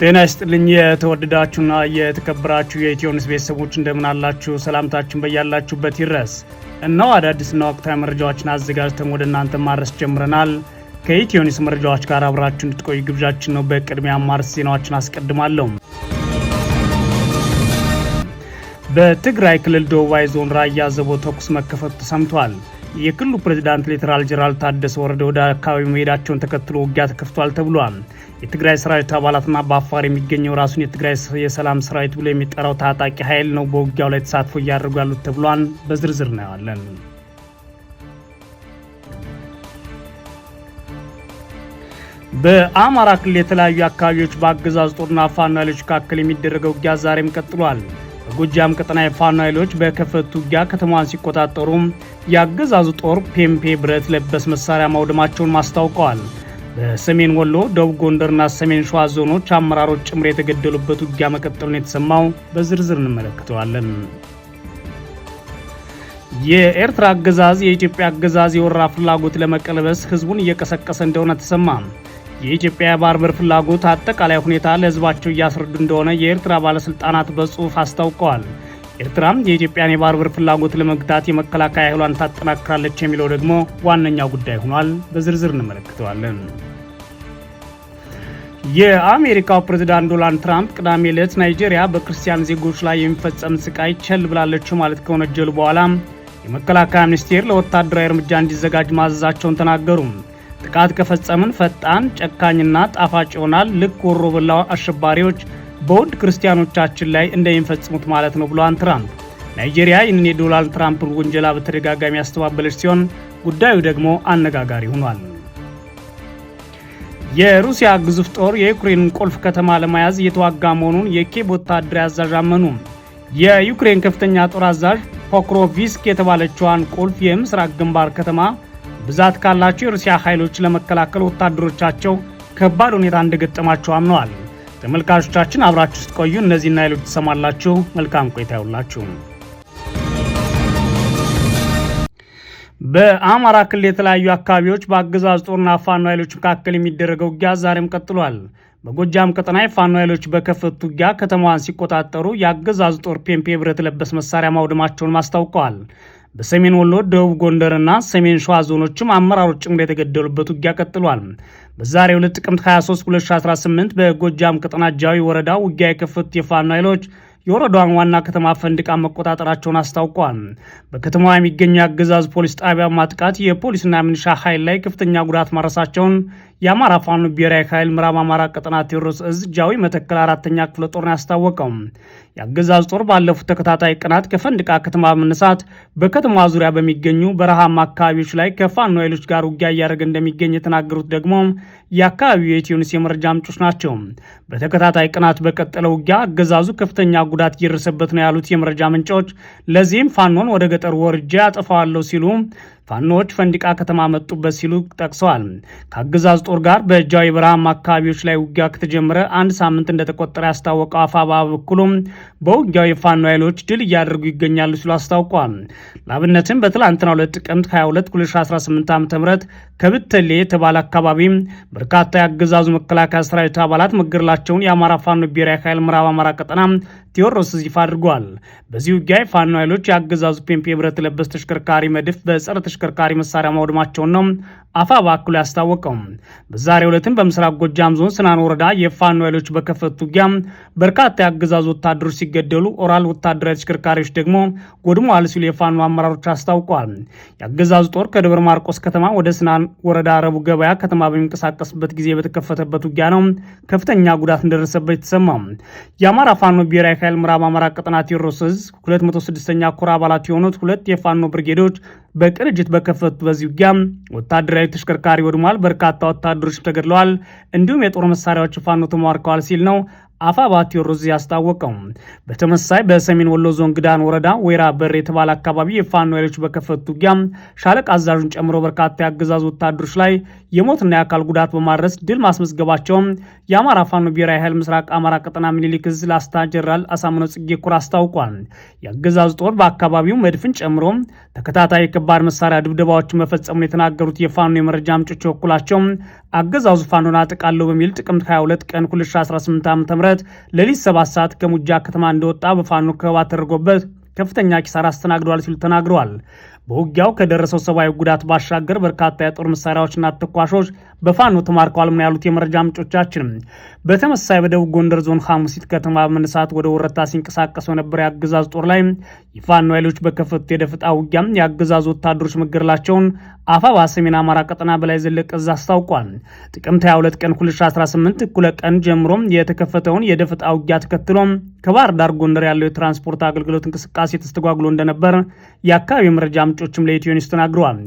ጤና ይስጥልኝ የተወደዳችሁና የተከበራችሁ የኢትዮንስ ቤተሰቦች እንደምን አላችሁ? ሰላምታችን በያላችሁበት ይድረስ። እነሆ አዳዲስና ወቅታዊ መረጃዎችን አዘጋጅተን ወደ እናንተ ማድረስ ጀምረናል። ከኢትዮንስ መረጃዎች ጋር አብራችሁ እንድትቆዩ ግብዣችን ነው። በቅድሚያ አማርስ ዜናዎችን አስቀድማለሁ። በትግራይ ክልል ደቡባዊ ዞን ራያ ዘቦ ተኩስ መከፈቱ ተሰምቷል። የክልሉ ፕሬዚዳንት ሌተናል ጄኔራል ታደሰ ወረደ ወደ አካባቢው መሄዳቸውን ተከትሎ ውጊያ ተከፍቷል ተብሏል። የትግራይ ሰራዊት አባላትና በአፋር የሚገኘው ራሱን የትግራይ የሰላም ሰራዊት ብሎ የሚጠራው ታጣቂ ኃይል ነው በውጊያው ላይ ተሳትፎ እያደርጉ ያሉት ተብሏል። በዝርዝር እናየዋለን። በአማራ ክልል የተለያዩ አካባቢዎች በአገዛዝ ጦርና ፋኖ ኃይሎች መካከል የሚደረገው ውጊያ ዛሬም ቀጥሏል። በጎጃም ቀጠና የፋኖ ኃይሎች በከፈቱ ውጊያ ከተማዋን ሲቆጣጠሩ የአገዛዙ ጦር ፔምፔ ብረት ለበስ መሳሪያ ማውደማቸውን ማስታውቀዋል። በሰሜን ወሎ፣ ደቡብ ጎንደርና ሰሜን ሸዋ ዞኖች አመራሮች ጭምር የተገደሉበት ውጊያ መቀጠሉን የተሰማው በዝርዝር እንመለከተዋለን። የኤርትራ አገዛዝ የኢትዮጵያ አገዛዝ የወራ ፍላጎት ለመቀልበስ ህዝቡን እየቀሰቀሰ እንደሆነ ተሰማ። የኢትዮጵያ የባህር በር ፍላጎት አጠቃላይ ሁኔታ ለህዝባቸው እያስረዱ እንደሆነ የኤርትራ ባለስልጣናት በጽሑፍ አስታውቀዋል። ኤርትራም የኢትዮጵያን የባህር በር ፍላጎት ለመግታት የመከላከያ ኃይሏን ታጠናክራለች የሚለው ደግሞ ዋነኛው ጉዳይ ሆኗል። በዝርዝር እንመለከተዋለን። የአሜሪካው ፕሬዝዳንት ዶናልድ ትራምፕ ቅዳሜ ዕለት ናይጄሪያ በክርስቲያን ዜጎች ላይ የሚፈጸም ስቃይ ቸል ብላለች ማለት ከወነጀሉ በኋላ የመከላከያ ሚኒስቴር ለወታደራዊ እርምጃ እንዲዘጋጅ ማዘዛቸውን ተናገሩ። ጥቃት ከፈጸምን ፈጣን፣ ጨካኝና ጣፋጭ ይሆናል፣ ልክ ወሮ በላ አሸባሪዎች በውድ ክርስቲያኖቻችን ላይ እንደሚፈጽሙት ማለት ነው ብሏን ትራምፕ። ናይጄሪያ ይህንን የዶናልድ ትራምፕን ውንጀላ በተደጋጋሚ ያስተባበለች ሲሆን ጉዳዩ ደግሞ አነጋጋሪ ሆኗል። የሩሲያ ግዙፍ ጦር የዩክሬንን ቁልፍ ከተማ ለመያዝ እየተዋጋ መሆኑን የኬብ ወታደራዊ አዛዥ አመኑ። የዩክሬን ከፍተኛ ጦር አዛዥ ፖክሮቪስክ የተባለችዋን ቁልፍ የምስራቅ ግንባር ከተማ ብዛት ካላቸው የሩሲያ ኃይሎች ለመከላከል ወታደሮቻቸው ከባድ ሁኔታ እንደገጠማቸው አምነዋል። ተመልካቾቻችን አብራችሁ ስትቆዩ እነዚህና ሌሎች ትሰማላችሁ። መልካም ቆይታ ይሁንላችሁ። በአማራ ክልል የተለያዩ አካባቢዎች በአገዛዝ ጦርና ፋኖ ኃይሎች መካከል የሚደረገው ውጊያ ዛሬም ቀጥሏል። በጎጃም ቀጠና የፋኖ ኃይሎች በከፈቱት ውጊያ ከተማዋን ሲቆጣጠሩ የአገዛዝ ጦር ፔምፔ ብረት ለበስ መሳሪያ ማውደማቸውን ማስታውቀዋል። በሰሜን ወሎ፣ ደቡብ ጎንደርና ሰሜን ሸዋ ዞኖችም አመራሮች ጭምር የተገደሉበት ውጊያ ቀጥሏል። በዛሬ 2 ጥቅምት 23 2018 በጎጃም ቀጠና ጃዊ ወረዳ ውጊያ የከፈቱት የፋኖ ኃይሎች የወረዳዋን ዋና ከተማ ፈንድቃ መቆጣጠራቸውን አስታውቋል። በከተማዋ የሚገኙ የአገዛዝ ፖሊስ ጣቢያ ማጥቃት የፖሊስና ሚሊሻ ኃይል ላይ ከፍተኛ ጉዳት ማድረሳቸውን የአማራ ፋኖ ብሔራዊ ኃይል ምዕራብ አማራ ቀጠና ቴዎድሮስ እዝ ጃዊ መተከል አራተኛ ክፍለ ጦርን ያስታወቀው የአገዛዝ ጦር ባለፉት ተከታታይ ቀናት ከፈንድቃ ከተማ በመነሳት በከተማ ዙሪያ በሚገኙ በረሃማ አካባቢዎች ላይ ከፋኖ ኃይሎች ጋር ውጊያ እያደረገ እንደሚገኝ የተናገሩት ደግሞ የአካባቢው የኢትዮኒውስ የመረጃ ምንጮች ናቸው። በተከታታይ ቀናት በቀጠለ ውጊያ አገዛዙ ከፍተኛ ጉዳት እየደረሰበት ነው ያሉት የመረጃ ምንጮች፣ ለዚህም ፋኖን ወደ ገጠር ወርጃ አጠፋዋለሁ ሲሉ ፋኖዎች ፈንዲቃ ከተማ መጡበት ሲሉ ጠቅሰዋል። ከአገዛዝ ጦር ጋር በእጃዊ በረሃማ አካባቢዎች ላይ ውጊያ ከተጀመረ አንድ ሳምንት እንደተቆጠረ ያስታወቀው አፋባ በኩሉም በውጊያው የፋኖ ኃይሎች ድል እያደረጉ ይገኛሉ ሲሉ አስታውቋል። ላብነትም በትላንትና ሁለት ጥቅምት 22 2018 ዓ ም ከብተሌ የተባለ አካባቢ በርካታ የአገዛዙ መከላከያ ሰራዊት አባላት መገደላቸውን የአማራ ፋኖ ብሔራዊ ኃይል ምዕራብ አማራ ቀጠና ቴዎድሮስ ይፋ አድርጓል። በዚህ ውጊያ የፋኖ ኃይሎች የአገዛዙ ፔምፕ የብረት ለበስ ተሽከርካሪ መድፍ በጸረ ተሽከርካሪ መሳሪያ ማውደማቸውን ነው አፋ በአክሉ ያስታወቀው። በዛሬው ዕለትም በምስራቅ ጎጃም ዞን ስናን ወረዳ የፋኖ ኃይሎች በከፈቱት ውጊያ በርካታ የአገዛዙ ወታደሮች ሲገደሉ፣ ኦራል ወታደራዊ ተሽከርካሪዎች ደግሞ ጎድመዋል ሲሉ የፋኖ አመራሮች አስታውቀዋል። የአገዛዙ ጦር ከደብረ ማርቆስ ከተማ ወደ ስናን ወረዳ ረቡ ገበያ ከተማ በሚንቀሳቀስበት ጊዜ በተከፈተበት ውጊያ ነው ከፍተኛ ጉዳት እንደደረሰበት የተሰማው የአማራ ፋኖ ብሔራዊ ኃይል ምዕራብ አማራ ቀጠና ቴዎድሮስ እዝ 206ኛ ኩራ አባላት የሆኑት ሁለት የፋኖ ብርጌዶች በቅርጅት በከፈቱ በዚህ ውጊያ ወታደራዊ ተሽከርካሪ ወድሟል፣ በርካታ ወታደሮች ተገድለዋል፣ እንዲሁም የጦር መሳሪያዎች ፋኖ ተማርከዋል ሲል ነው አፋባ ቴዎድሮስ ያስታወቀው በተመሳሳይ በሰሜን ወሎ ዞን ግዳን ወረዳ ወይራ በር የተባለ አካባቢ የፋኖ ኃይሎች በከፈቱ ውጊያ ሻለቅ አዛዡን ጨምሮ በርካታ የአገዛዙ ወታደሮች ላይ የሞትና የአካል ጉዳት በማድረስ ድል ማስመዝገባቸውም የአማራ ፋኖ ብሔራዊ ኃይል ምስራቅ አማራ ቀጠና ሚኒሊክ ዕዝ ላስታ ጀነራል አሳምነው ጽጌ ኩር አስታውቋል። የአገዛዙ ጦር በአካባቢው መድፍን ጨምሮ ተከታታይ የከባድ መሳሪያ ድብደባዎችን መፈጸሙን የተናገሩት የፋኖ የመረጃ ምንጮች በኩላቸው አገዛዙ ፋኖን አጠቃለሁ በሚል ጥቅምት 22 ቀን 2018 ዓ ም ሌሊት ሰባት ሰዓት ከሙጃ ከተማ እንደወጣ በፋኖ ከበባ ተደርጎበት ከፍተኛ ኪሳራ አስተናግደዋል ሲሉ ተናግረዋል። በውጊያው ከደረሰው ሰብአዊ ጉዳት ባሻገር በርካታ የጦር መሳሪያዎችና ተኳሾች በፋኖ ተማርከዋል ነው ያሉት የመረጃ ምንጮቻችን። በተመሳሳይ በደቡብ ጎንደር ዞን ሐሙሲት ከተማ በመነሳት ወደ ወረታ ሲንቀሳቀሰው ነበር የአገዛዝ ጦር ላይ የፋኖ ኃይሎች በከፈቱት የደፈጣ ውጊያ የአገዛዝ ወታደሮች መገደላቸውን አፋባ ሰሜን አማራ ቀጠና በላይ ዘለቀ እዝ አስታውቋል። ጥቅምት 22 ቀን 2018 እኩለ ቀን ጀምሮ የተከፈተውን የደፈጣ ውጊያ ተከትሎ ከባህር ዳር ጎንደር ያለው የትራንስፖርት አገልግሎት እንቅስቃሴ ተስተጓጉሎ እንደነበር የአካባቢ መረጃ ምንጮችም ለኢትዮ ኒውስ ተናግረዋል።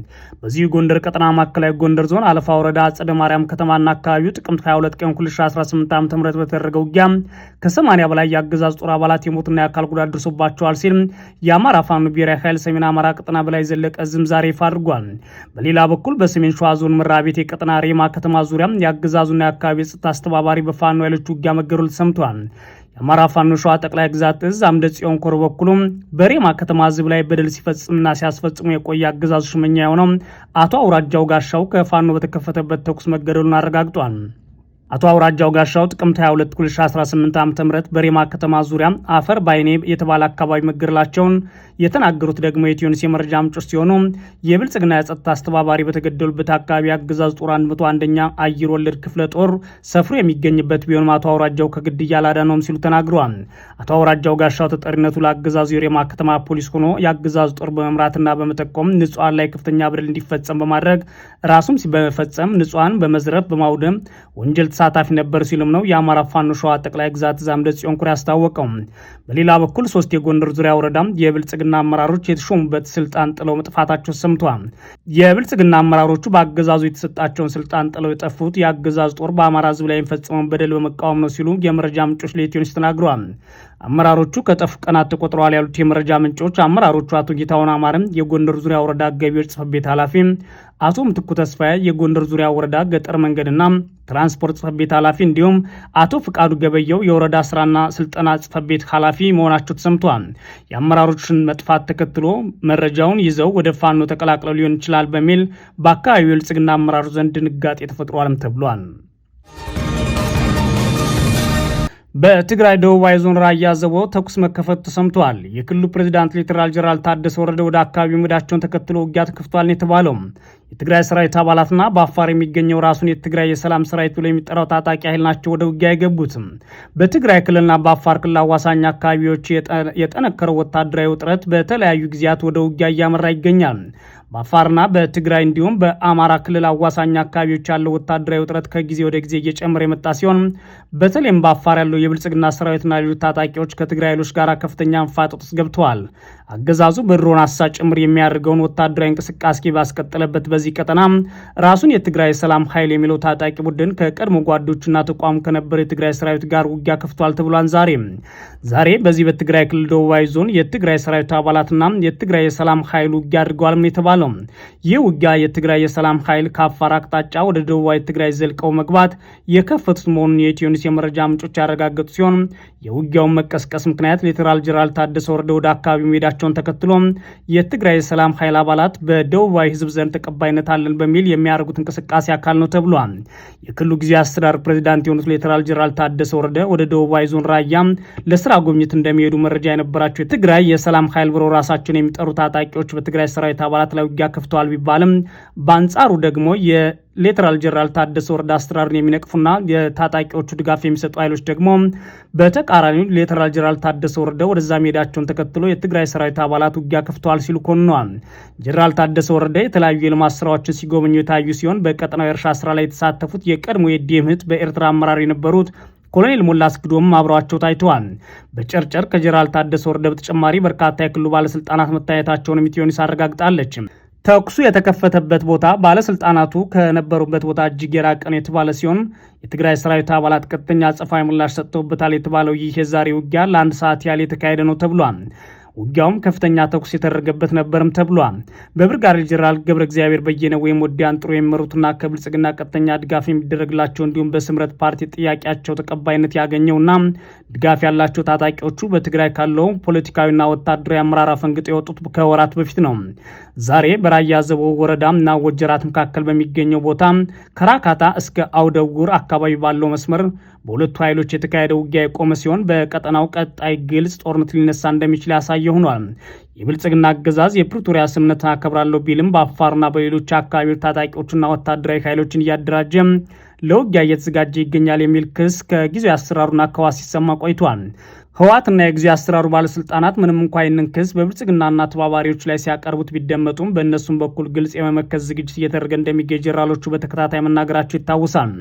በዚህ ጎንደር ቀጠና ማዕከላዊ ጎንደር ዞን አለፋ ወረዳ አጸደ ማርያም ከተማና አካባቢው ጥቅምት 22 ቀን 2018 ዓ ም በተደረገ ውጊያ ከ80 በላይ የአገዛዝ ጦር አባላት የሞትና የአካል ጉዳት ደርሶባቸዋል ሲል የአማራ ፋኖ ብሔራዊ ኃይል ሰሜን አማራ ቀጠና በላይ ዘለቀ ዝም ዛሬ ይፋ አድርጓል። በሌላ በኩል በሰሜን ሸዋ ዞን ቤት የቀጠና ሬማ ከተማ ዙሪያ የአገዛዙና የአካባቢ የጸጥታ አስተባባሪ በፋኖ ኃይሎች ውጊያ መገደሉ ተሰምቷል። የአማራ ፋኖ ሸዋ ጠቅላይ ግዛት እዝ አምደ ጽዮን ኮር በኩሉም በሬማ ከተማ ህዝብ ላይ በደል ሲፈጽምና ሲያስፈጽሙ የቆየ አገዛዙ ሽመኛ የሆነው አቶ አውራጃው ጋሻው ከፋኖ በተከፈተበት ተኩስ መገደሉን አረጋግጧል። አቶ አውራጃው ጋሻው ጥቅምት 22 2018 ዓ ም በሬማ ከተማ ዙሪያ አፈር ባይኔ የተባለ አካባቢ መገደላቸውን የተናገሩት ደግሞ የትዮንስ የመረጃ ምንጮች ሲሆኑ የብልጽግና የጸጥታ አስተባባሪ በተገደሉበት አካባቢ አገዛዝ ጦር 101ኛ አየር ወለድ ክፍለ ጦር ሰፍሮ የሚገኝበት ቢሆንም አቶ አውራጃው ከግድያ አላዳነውም ሲሉ ተናግረዋል። አቶ አውራጃው ጋሻው ተጠሪነቱ ለአገዛዙ የሬማ ከተማ ፖሊስ ሆኖ የአገዛዝ ጦር በመምራትና በመጠቆም ንጹሐን ላይ ከፍተኛ በደል እንዲፈጸም በማድረግ ራሱም በመፈጸም ንጹሐን በመዝረፍ በማውደም ወንጀል ተሳታፊ ነበር ሲሉም ነው የአማራ ፋኖ ሸዋ ጠቅላይ ግዛት ዛምደ ጽዮን ኩር ያስታወቀው። በሌላ በኩል ሶስት የጎንደር ዙሪያ ወረዳ የብልጽግና አመራሮች የተሾሙበት ስልጣን ጥለው መጥፋታቸው ሰምቷል። የብልጽግና አመራሮቹ በአገዛዙ የተሰጣቸውን ስልጣን ጥለው የጠፉት የአገዛዙ ጦር በአማራ ህዝብ ላይ የሚፈጽመውን በደል በመቃወም ነው ሲሉ የመረጃ ምንጮች ለኢትዮኒስ ተናግረዋል። አመራሮቹ ከጠፉ ቀናት ተቆጥረዋል ያሉት የመረጃ ምንጮች አመራሮቹ አቶ ጌታሁን አማርም የጎንደር ዙሪያ ወረዳ ገቢዎች ጽህፈት ቤት ኃላፊ፣ አቶ ምትኩ ተስፋዬ የጎንደር ዙሪያ ወረዳ ገጠር መንገድና ትራንስፖርት ጽህፈት ቤት ኃላፊ እንዲሁም አቶ ፍቃዱ ገበየው የወረዳ ስራና ስልጠና ጽህፈት ቤት ኃላፊ መሆናቸው ተሰምቷል። የአመራሮችን መጥፋት ተከትሎ መረጃውን ይዘው ወደ ፋኖ ተቀላቅለው ሊሆን ይችላል በሚል በአካባቢው የብልጽግና አመራሮች ዘንድ ድንጋጤ ተፈጥሯልም ተብሏል። በትግራይ ደቡባዊ ዞን ራያ አዘቦ ተኩስ መከፈቱ ተሰምተዋል። የክልሉ ፕሬዚዳንት ሌተናል ጀነራል ታደሰ ወረደ ወደ አካባቢው መሄዳቸውን ተከትሎ ውጊያ ተከፍቷል ነው የተባለው። የትግራይ ሰራዊት አባላትና በአፋር የሚገኘው ራሱን የትግራይ የሰላም ሰራዊት ብሎ የሚጠራው ታጣቂ ኃይል ናቸው ወደ ውጊያ የገቡት በትግራይ ክልልና በአፋር ክልል አዋሳኝ አካባቢዎች የጠነከረው ወታደራዊ ውጥረት በተለያዩ ጊዜያት ወደ ውጊያ እያመራ ይገኛል። በአፋርና በትግራይ እንዲሁም በአማራ ክልል አዋሳኝ አካባቢዎች ያለው ወታደራዊ ውጥረት ከጊዜ ወደ ጊዜ እየጨመረ የመጣ ሲሆን በተለይም በአፋር ያለው የብልጽግና ሰራዊትና ሌሎች ታጣቂዎች ከትግራይ ኃይሎች ጋር ከፍተኛ መፋጠጥ ውስጥ ገብተዋል። አገዛዙ በድሮን አሳ ጭምር የሚያደርገውን ወታደራዊ እንቅስቃሴ ባስቀጠለበት በዚህ ቀጠና ራሱን የትግራይ ሰላም ኃይል የሚለው ታጣቂ ቡድን ከቀድሞ ጓዶችና ተቋሙ ከነበረ የትግራይ ሰራዊት ጋር ውጊያ ከፍቷል ተብሏል። ዛሬ ዛሬ በዚህ በትግራይ ክልል ደቡባዊ ዞን የትግራይ ሰራዊት አባላትና የትግራይ የሰላም ኃይል ውጊያ አድርገዋል የተባለ ይላሉ። ይህ ውጊያ የትግራይ የሰላም ኃይል ከአፋር አቅጣጫ ወደ ደቡባዊ ትግራይ ዘልቀው መግባት የከፈቱት መሆኑን የኢትዮኒስ የመረጃ ምንጮች ያረጋገጡ ሲሆን የውጊያውን መቀስቀስ ምክንያት ሌተናል ጀነራል ታደሰ ወረደ ወደ አካባቢው መሄዳቸውን ተከትሎ የትግራይ የሰላም ኃይል አባላት በደቡባዊ ህዝብ ዘንድ ተቀባይነት አለን በሚል የሚያደርጉት እንቅስቃሴ አካል ነው ተብሏል። የክልሉ ጊዜ አስተዳደር ፕሬዚዳንት የሆኑት ሌተናል ጀነራል ታደሰ ወረደ ወደ ደቡባዊ ዞን ራያ ለስራ ጉብኝት እንደሚሄዱ መረጃ የነበራቸው የትግራይ የሰላም ኃይል ብለው ራሳቸውን የሚጠሩ ታጣቂዎች በትግራይ ሰራዊት አባላት ላይ ውጊያ ከፍተዋል ቢባልም በአንጻሩ ደግሞ ሌተናል ጀነራል ታደሰ ወረዳ አስተራርን የሚነቅፉና የታጣቂዎቹ ድጋፍ የሚሰጡ ኃይሎች ደግሞ በተቃራኒው ሌተናል ጀነራል ታደሰ ወረደ ወደዛ መሄዳቸውን ተከትሎ የትግራይ ሰራዊት አባላት ውጊያ ከፍተዋል ሲሉ ኮንነዋል። ጀነራል ታደሰ ወረደ የተለያዩ የልማት ስራዎችን ሲጎበኙ የታዩ ሲሆን በቀጠናው የእርሻ ስራ ላይ የተሳተፉት የቀድሞ የዲምህት በኤርትራ አመራር የነበሩት ኮሎኔል ሞላ አስግዶም አብረዋቸው ታይተዋል። በጨርጨር ከጀነራል ታደሰ ወረደ በተጨማሪ በርካታ የክልሉ ባለስልጣናት መታየታቸውን ሚትዮኒስ አረጋግጣለች። ተኩሱ የተከፈተበት ቦታ ባለስልጣናቱ ከነበሩበት ቦታ እጅግ የራቀን የተባለ ሲሆን የትግራይ ሰራዊት አባላት ቀጥተኛ አጸፋዊ ምላሽ ሰጥተውበታል የተባለው ይህ የዛሬ ውጊያ ለአንድ ሰዓት ያህል የተካሄደ ነው ተብሏል። ውጊያውም ከፍተኛ ተኩስ የተደረገበት ነበርም ተብሏል። በብርጋዴር ጀነራል ገብረ እግዚአብሔር በየነ ወይም ወዲያን ጥሩ የሚመሩትና ከብልጽግና ቀጥተኛ ድጋፍ የሚደረግላቸው እንዲሁም በስምረት ፓርቲ ጥያቄያቸው ተቀባይነት ያገኘውና ድጋፍ ያላቸው ታጣቂዎቹ በትግራይ ካለው ፖለቲካዊና ወታደራዊ አመራር አፈንግጦ የወጡት ከወራት በፊት ነው። ዛሬ በራያ ወረዳ ወረዳና ወጀራት መካከል በሚገኘው ቦታ ከራካታ እስከ አውደውር አካባቢ ባለው መስመር በሁለቱ ኃይሎች የተካሄደ ውጊያ የቆመ ሲሆን በቀጠናው ቀጣይ ግልጽ ጦርነት ሊነሳ እንደሚችል ያሳየ ሆኗል። የብልጽግና አገዛዝ የፕሪቶሪያ ስምነት አከብራለሁ ቢልም በአፋርና በሌሎች አካባቢዎች ታጣቂዎችና ወታደራዊ ኃይሎችን እያደራጀ ለውጊያ እየተዘጋጀ ይገኛል የሚል ክስ ከጊዜ አሰራሩና ከዋስ ሲሰማ ቆይቷል። ህወሓትና የጊዜ አሰራሩ ባለስልጣናት ምንም እንኳ ይህንን ክስ በብልጽግናና ተባባሪዎች ላይ ሲያቀርቡት ቢደመጡም በእነሱም በኩል ግልጽ የመመከት ዝግጅት እየተደረገ እንደሚገኝ ጀነራሎቹ በተከታታይ መናገራቸው ይታወሳል።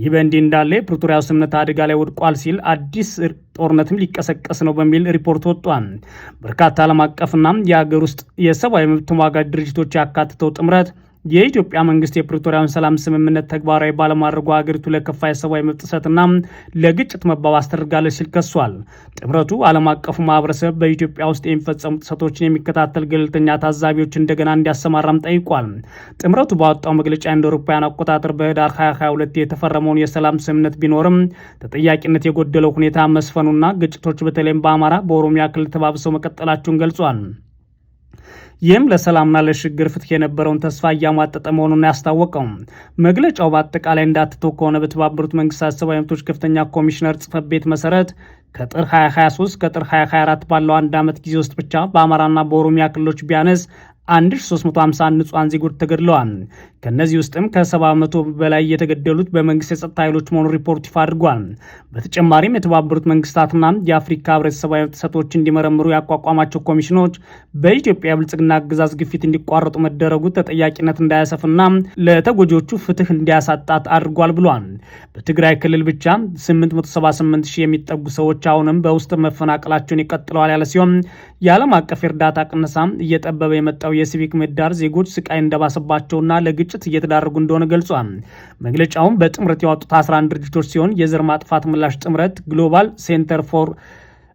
ይህ በእንዲህ እንዳለ የፕሪቶሪያ ስምምነት አደጋ ላይ ወድቋል ሲል አዲስ ጦርነትም ሊቀሰቀስ ነው በሚል ሪፖርት ወጥቷል። በርካታ ዓለም አቀፍና የሀገር ውስጥ የሰብአዊ መብት ተሟጋጅ ድርጅቶች ያካትተው ጥምረት የኢትዮጵያ መንግስት የፕሪቶሪያውን ሰላም ስምምነት ተግባራዊ ባለማድረጉ ሀገሪቱ ለከፋ የሰብአዊ መብት ጥሰትና ለግጭት መባባስ ተደርጋለች ሲል ከሷል። ጥምረቱ ዓለም አቀፉ ማህበረሰብ በኢትዮጵያ ውስጥ የሚፈጸሙ ጥሰቶችን የሚከታተል ገለልተኛ ታዛቢዎች እንደገና እንዲያሰማራም ጠይቋል። ጥምረቱ ባወጣው መግለጫ እንደ አውሮፓውያን አቆጣጠር በህዳር 2022 የተፈረመውን የሰላም ስምምነት ቢኖርም ተጠያቂነት የጎደለው ሁኔታ መስፈኑና ግጭቶች በተለይም በአማራ፣ በኦሮሚያ ክልል ተባብሰው መቀጠላቸውን ገልጿል። ይህም ለሰላምና ለሽግግር ፍትህ የነበረውን ተስፋ እያሟጠጠ መሆኑን ያስታወቀው መግለጫው በአጠቃላይ እንዳትተው ከሆነ በተባበሩት መንግስታት ሰብአዊ መብቶች ከፍተኛ ኮሚሽነር ጽህፈት ቤት መሰረት ከጥር 2023 ከጥር 2024 ባለው አንድ ዓመት ጊዜ ውስጥ ብቻ በአማራና በኦሮሚያ ክልሎች ቢያነስ 1350 ንጹሐን ዜጎች ተገድለዋል። ከእነዚህ ውስጥም ከ70 በመቶ በላይ የተገደሉት በመንግስት የጸጥታ ኃይሎች መሆኑ ሪፖርት ይፋ አድርጓል። በተጨማሪም የተባበሩት መንግስታትና የአፍሪካ ህብረት ሰብአዊ ጥሰቶች እንዲመረምሩ ያቋቋማቸው ኮሚሽኖች በኢትዮጵያ የብልጽግና አገዛዝ ግፊት እንዲቋረጡ መደረጉ ተጠያቂነት እንዳያሰፍና ለተጎጆቹ ፍትህ እንዲያሳጣት አድርጓል ብሏል። በትግራይ ክልል ብቻ 878 ሺህ የሚጠጉ ሰዎች አሁንም በውስጥ መፈናቀላቸውን ይቀጥለዋል ያለ ሲሆን የዓለም አቀፍ የእርዳታ ቅነሳ እየጠበበ የመጣው የሲቪክ ምህዳር ዜጎች ስቃይ እንደባሰባቸውና ለግጭት እየተዳረጉ እንደሆነ ገልጿል። መግለጫውም በጥምረት ያወጡት 11 ድርጅቶች ሲሆን የዘር ማጥፋት ምላሽ ጥምረት ግሎባል ሴንተር ፎር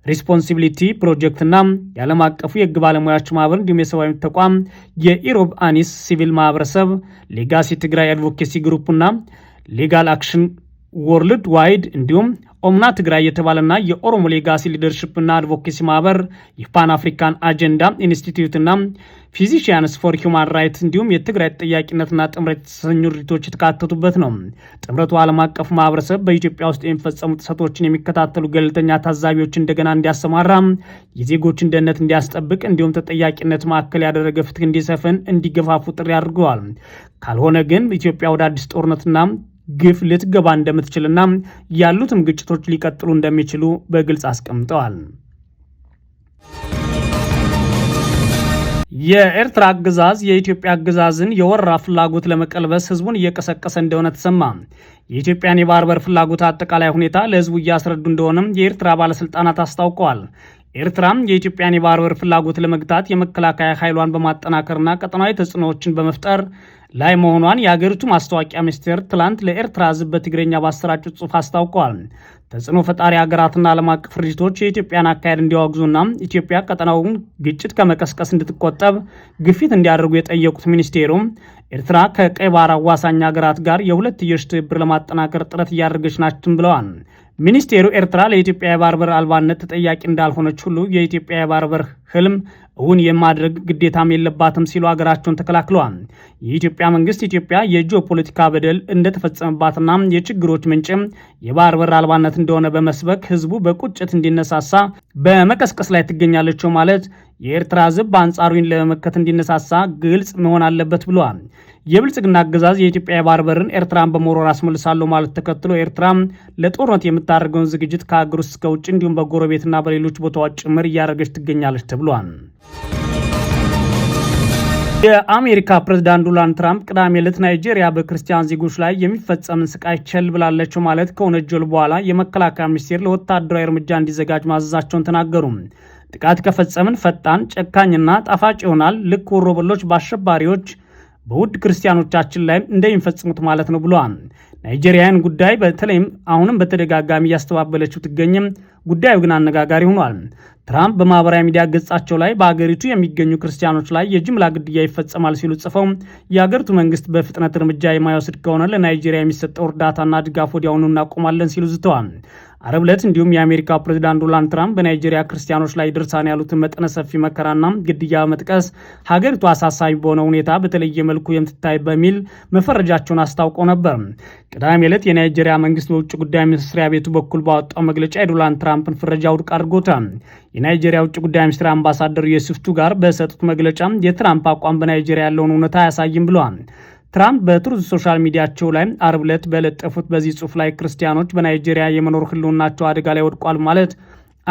ሪስፖንሲቢሊቲ ፕሮጀክትና የዓለም አቀፉ የህግ ባለሙያዎች ማህበር እንዲሁም የሰብአዊ ተቋም የኢሮብ አኒስ ሲቪል ማህበረሰብ ሌጋሲ ትግራይ አድቮኬሲ ግሩፕና ሌጋል አክሽን ወርልድ ዋይድ እንዲሁም ኦምና ትግራይ የተባለና የኦሮሞ ሌጋሲ ሊደርሽፕና አድቮኬሲ ማህበር የፓን አፍሪካን አጀንዳ ኢንስቲትዩትና ፊዚሽያንስ ፎር ሁማን ራይትስ እንዲሁም የትግራይ ተጠያቂነትና ጥምረት የተሰኙ ድርጅቶች የተካተቱበት ነው። ጥምረቱ ዓለም አቀፍ ማህበረሰብ በኢትዮጵያ ውስጥ የሚፈጸሙ ጥሰቶችን የሚከታተሉ ገለልተኛ ታዛቢዎች እንደገና እንዲያሰማራ፣ የዜጎችን ደህንነት እንዲያስጠብቅ፣ እንዲሁም ተጠያቂነት ማዕከል ያደረገ ፍትህ እንዲሰፍን እንዲገፋፉ ጥሪ አድርገዋል። ካልሆነ ግን ኢትዮጵያ ወደ አዲስ ጦርነትና ግፍ ልትገባ እንደምትችልና ያሉትም ግጭቶች ሊቀጥሉ እንደሚችሉ በግልጽ አስቀምጠዋል። የኤርትራ አገዛዝ የኢትዮጵያ አገዛዝን የወረራ ፍላጎት ለመቀልበስ ህዝቡን እየቀሰቀሰ እንደሆነ ተሰማ። የኢትዮጵያን የባህር በር ፍላጎት አጠቃላይ ሁኔታ ለህዝቡ እያስረዱ እንደሆነም የኤርትራ ባለስልጣናት አስታውቀዋል። ኤርትራም የኢትዮጵያን የባህር በር ፍላጎት ለመግታት የመከላከያ ኃይሏን በማጠናከርና ቀጠናዊ ተጽዕኖዎችን በመፍጠር ላይ መሆኗን የአገሪቱ ማስታወቂያ ሚኒስቴር ትላንት ለኤርትራ ሕዝብ በትግረኛ ባሰራጨው ጽሑፍ አስታውቀዋል። ተጽዕኖ ፈጣሪ ሀገራትና ዓለም አቀፍ ድርጅቶች የኢትዮጵያን አካሄድ እንዲያወግዙና ኢትዮጵያ ቀጠናውን ግጭት ከመቀስቀስ እንድትቆጠብ ግፊት እንዲያደርጉ የጠየቁት ሚኒስቴሩ ኤርትራ ከቀይ ባህር አዋሳኝ ሀገራት ጋር የሁለትዮሽ ትብብር ለማጠናከር ጥረት እያደረገች ናችን ብለዋል። ሚኒስቴሩ ኤርትራ ለኢትዮጵያ የባህር በር አልባነት ተጠያቂ እንዳልሆነች ሁሉ የኢትዮጵያ የባህር በር ህልም እውን የማድረግ ግዴታም የለባትም ሲሉ ሀገራቸውን ተከላክለዋል። የኢትዮጵያ መንግስት ኢትዮጵያ የጂኦ ፖለቲካ በደል እንደተፈጸመባትና የችግሮች ምንጭም የባህር በር አልባነት እንደሆነ በመስበክ ህዝቡ በቁጭት እንዲነሳሳ በመቀስቀስ ላይ ትገኛለችው ማለት የኤርትራ ህዝብ በአንጻሩ ለመመከት እንዲነሳሳ ግልጽ መሆን አለበት ብለዋል። የብልጽግና አገዛዝ የኢትዮጵያ የባህር በርን ኤርትራን በመውረር አስመልሳለሁ ማለት ተከትሎ ኤርትራ ለጦርነት የምታደርገውን ዝግጅት ከሀገር ውስጥ ከውጭ እንዲሁም በጎረቤትና በሌሎች ቦታዎች ጭምር እያደረገች ትገኛለች ተብሏል። የአሜሪካ ፕሬዝዳንት ዶናልድ ትራምፕ ቅዳሜ ዕለት ናይጄሪያ በክርስቲያን ዜጎች ላይ የሚፈጸምን ስቃይ ቸል ብላለችው ማለት ከወነጀሉ በኋላ የመከላከያ ሚኒስቴር ለወታደራዊ እርምጃ እንዲዘጋጅ ማዘዛቸውን ተናገሩ። ጥቃት ከፈጸምን ፈጣን ጨካኝና ጣፋጭ ይሆናል። ልክ ወሮበሎች በአሸባሪዎች በውድ ክርስቲያኖቻችን ላይም እንደሚፈጽሙት ማለት ነው ብለዋል። ናይጄሪያን ጉዳይ በተለይም አሁንም በተደጋጋሚ እያስተባበለችው ትገኝም፣ ጉዳዩ ግን አነጋጋሪ ሆኗል። ትራምፕ በማህበራዊ ሚዲያ ገጻቸው ላይ በአገሪቱ የሚገኙ ክርስቲያኖች ላይ የጅምላ ግድያ ይፈጸማል ሲሉ ጽፈው የአገሪቱ መንግስት በፍጥነት እርምጃ የማይወስድ ከሆነ ለናይጄሪያ የሚሰጠው እርዳታና ድጋፍ ወዲያውኑ እናቆማለን ሲሉ ዝተዋል። አረብ ዕለት እንዲሁም የአሜሪካ ፕሬዚዳንት ዶናልድ ትራምፕ በናይጄሪያ ክርስቲያኖች ላይ ድርሳን ያሉትን መጠነ ሰፊ መከራና ግድያ መጥቀስ ሀገሪቱ አሳሳቢ በሆነ ሁኔታ በተለየ መልኩ የምትታይ በሚል መፈረጃቸውን አስታውቀው ነበር። ቅዳሜ ዕለት የናይጄሪያ መንግስት በውጭ ጉዳይ መስሪያ ቤቱ በኩል ባወጣው መግለጫ የዶናልድ ትራምፕን ፍረጃ ውድቅ አድርጎታል። የናይጄሪያ ውጭ ጉዳይ ሚኒስትር አምባሳደር ዩሱፍ ቱጋር በሰጡት መግለጫ የትራምፕ አቋም በናይጄሪያ ያለውን እውነታ አያሳይም ብለዋል። ትራምፕ በትሩዝ ሶሻል ሚዲያቸው ላይ አርብ ዕለት በለጠፉት በዚህ ጽሁፍ ላይ ክርስቲያኖች በናይጄሪያ የመኖር ህልውናቸው አደጋ ላይ ወድቋል ማለት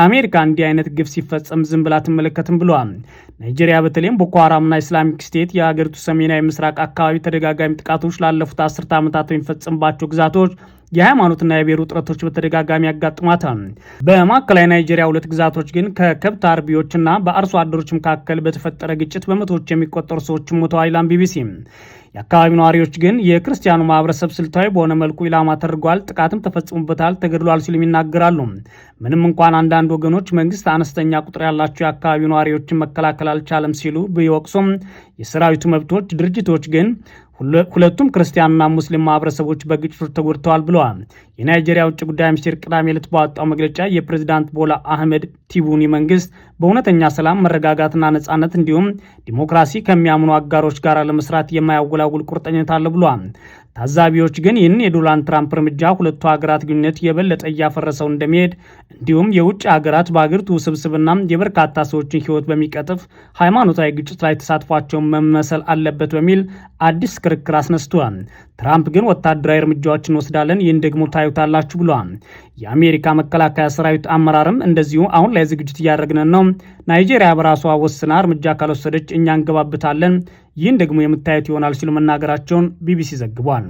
አሜሪካ እንዲህ አይነት ግፍ ሲፈጸም ዝም ብላ አትመለከትም ብለዋል። ናይጄሪያ በተለይም ቦኮ ሀራምና ኢስላሚክ ስቴት የሀገሪቱ ሰሜናዊ ምስራቅ አካባቢ ተደጋጋሚ ጥቃቶች ላለፉት አስርተ ዓመታት የሚፈጸምባቸው ግዛቶች የሃይማኖትና የብሔር ውጥረቶች በተደጋጋሚ ያጋጥሟታል። በማዕከላዊ ናይጄሪያ ሁለት ግዛቶች ግን ከከብት አርቢዎችና በአርሶ አደሮች መካከል በተፈጠረ ግጭት በመቶዎች የሚቆጠሩ ሰዎች ሞተዋል ይላል ቢቢሲ። የአካባቢው ነዋሪዎች ግን የክርስቲያኑ ማህበረሰብ ስልታዊ በሆነ መልኩ ኢላማ ተደርጓል፣ ጥቃትም ተፈጽሞበታል፣ ተገድሏል ሲሉም ይናገራሉ። ምንም እንኳን አንዳንድ ወገኖች መንግስት አነስተኛ ቁጥር ያላቸው የአካባቢው ነዋሪዎችን መከላከል አልቻለም ሲሉ ቢወቅሱም የሰራዊቱ መብቶች ድርጅቶች ግን ሁለቱም ክርስቲያንና ሙስሊም ማህበረሰቦች በግጭቱ ተጎድተዋል ብለዋል። የናይጄሪያ ውጭ ጉዳይ ሚኒስቴር ቅዳሜ ዕለት ባወጣው መግለጫ የፕሬዚዳንት ቦላ አህመድ ቲቡኒ መንግስት በእውነተኛ ሰላም፣ መረጋጋትና ነጻነት እንዲሁም ዲሞክራሲ ከሚያምኑ አጋሮች ጋር ለመስራት የማያወላውል ቁርጠኝነት አለ ብሏል። ታዛቢዎች ግን ይህን የዶናልድ ትራምፕ እርምጃ ሁለቱ ሀገራት ግንኙነት የበለጠ እያፈረሰው እንደሚሄድ እንዲሁም የውጭ ሀገራት በአገሪቱ ውስብስብና የበርካታ ሰዎችን ሕይወት በሚቀጥፍ ሃይማኖታዊ ግጭት ላይ ተሳትፏቸውን መመሰል አለበት በሚል አዲስ ክርክር አስነስቷል። ትራምፕ ግን ወታደራዊ እርምጃዎችን እንወስዳለን፣ ይህን ደግሞ ታዩታላችሁ ብለዋል። የአሜሪካ መከላከያ ሰራዊት አመራርም እንደዚሁ አሁን ላይ ዝግጅት እያደረግን ነው፣ ናይጄሪያ በራሷ ወስና እርምጃ ካልወሰደች እኛ እንገባበታለን፣ ይህን ደግሞ የምታዩት ይሆናል ሲሉ መናገራቸውን ቢቢሲ ዘግቧል።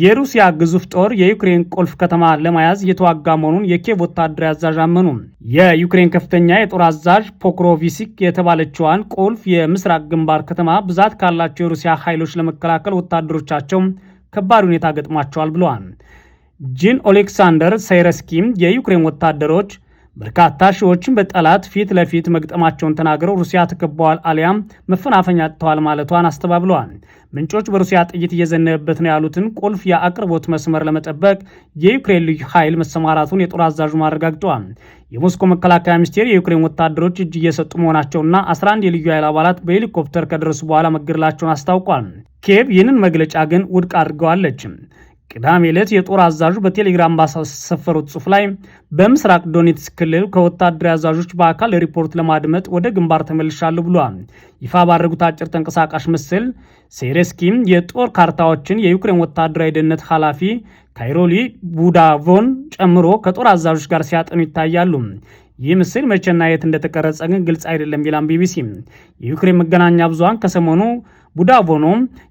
የሩሲያ ግዙፍ ጦር የዩክሬን ቁልፍ ከተማ ለመያዝ እየተዋጋ መሆኑን የኬቭ ወታደራዊ አዛዥ አመኑ። የዩክሬን ከፍተኛ የጦር አዛዥ ፖክሮቪሲክ የተባለችዋን ቁልፍ የምስራቅ ግንባር ከተማ ብዛት ካላቸው የሩሲያ ኃይሎች ለመከላከል ወታደሮቻቸው ከባድ ሁኔታ ገጥሟቸዋል ብለዋል። ጂን ኦሌክሳንደር ሳይረስኪም የዩክሬን ወታደሮች በርካታ ሺዎችን በጠላት ፊት ለፊት መግጠማቸውን ተናግረው ሩሲያ ተከበዋል አሊያም መፈናፈኛ ጥተዋል ማለቷን አስተባብለዋል። ምንጮች በሩሲያ ጥይት እየዘነበበት ነው ያሉትን ቁልፍ የአቅርቦት መስመር ለመጠበቅ የዩክሬን ልዩ ኃይል መሰማራቱን የጦር አዛዡ አረጋግጠዋል። የሞስኮ መከላከያ ሚኒስቴር የዩክሬን ወታደሮች እጅ እየሰጡ መሆናቸውና 11 የልዩ ኃይል አባላት በሄሊኮፕተር ከደረሱ በኋላ መገደላቸውን አስታውቋል። ኬቭ ይህንን መግለጫ ግን ውድቅ አድርገዋለች። ቅዳሜ ዕለት የጦር አዛዡ በቴሌግራም ባሰፈሩት ጽሑፍ ላይ በምስራቅ ዶኔትስክ ክልል ከወታደራዊ አዛዦች በአካል ሪፖርት ለማድመጥ ወደ ግንባር ተመልሻለሁ ብሏል። ይፋ ባደረጉት አጭር ተንቀሳቃሽ ምስል ሴሬስኪም የጦር ካርታዎችን የዩክሬን ወታደራዊ ደህንነት ኃላፊ ካይሮሊ ቡዳቮን ጨምሮ ከጦር አዛዦች ጋር ሲያጠኑ ይታያሉ። ይህ ምስል መቼና የት እንደተቀረጸ ግን ግልጽ አይደለም ይላል ቢቢሲ። የዩክሬን መገናኛ ብዙሃን ከሰሞኑ ቡዳቮኖ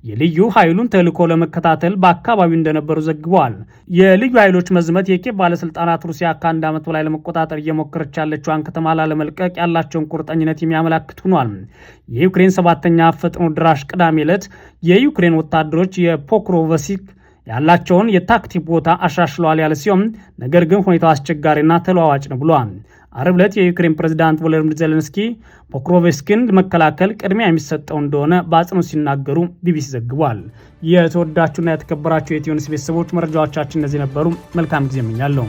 የልዩ ኃይሉን ተልዕኮ ለመከታተል በአካባቢው እንደነበሩ ዘግበዋል። የልዩ ኃይሎች መዝመት የኬ ባለስልጣናት ሩሲያ ከአንድ ዓመት በላይ ለመቆጣጠር እየሞከረች ያለችዋን ከተማ ላለመልቀቅ ያላቸውን ቁርጠኝነት የሚያመላክት ሆኗል። የዩክሬን ሰባተኛ ፈጥኖ ድራሽ ቅዳሜ ዕለት የዩክሬን ወታደሮች የፖክሮቨሲክ ያላቸውን የታክቲክ ቦታ አሻሽለዋል ያለ ሲሆን ነገር ግን ሁኔታው አስቸጋሪና ተለዋዋጭ ነው ብሏል። አርብ ዕለት የዩክሬን ፕሬዚዳንት ቮሎዲሚር ዜሌንስኪ ፖክሮቬስኪን መከላከል ቅድሚያ የሚሰጠው እንደሆነ በአጽንኦት ሲናገሩ ቢቢሲ ዘግቧል። የተወዳችሁና የተከበራችሁ የኢትዮ ኒውስ ቤተሰቦች መረጃዎቻችን እነዚህ ነበሩ። መልካም ጊዜ እመኛለሁ።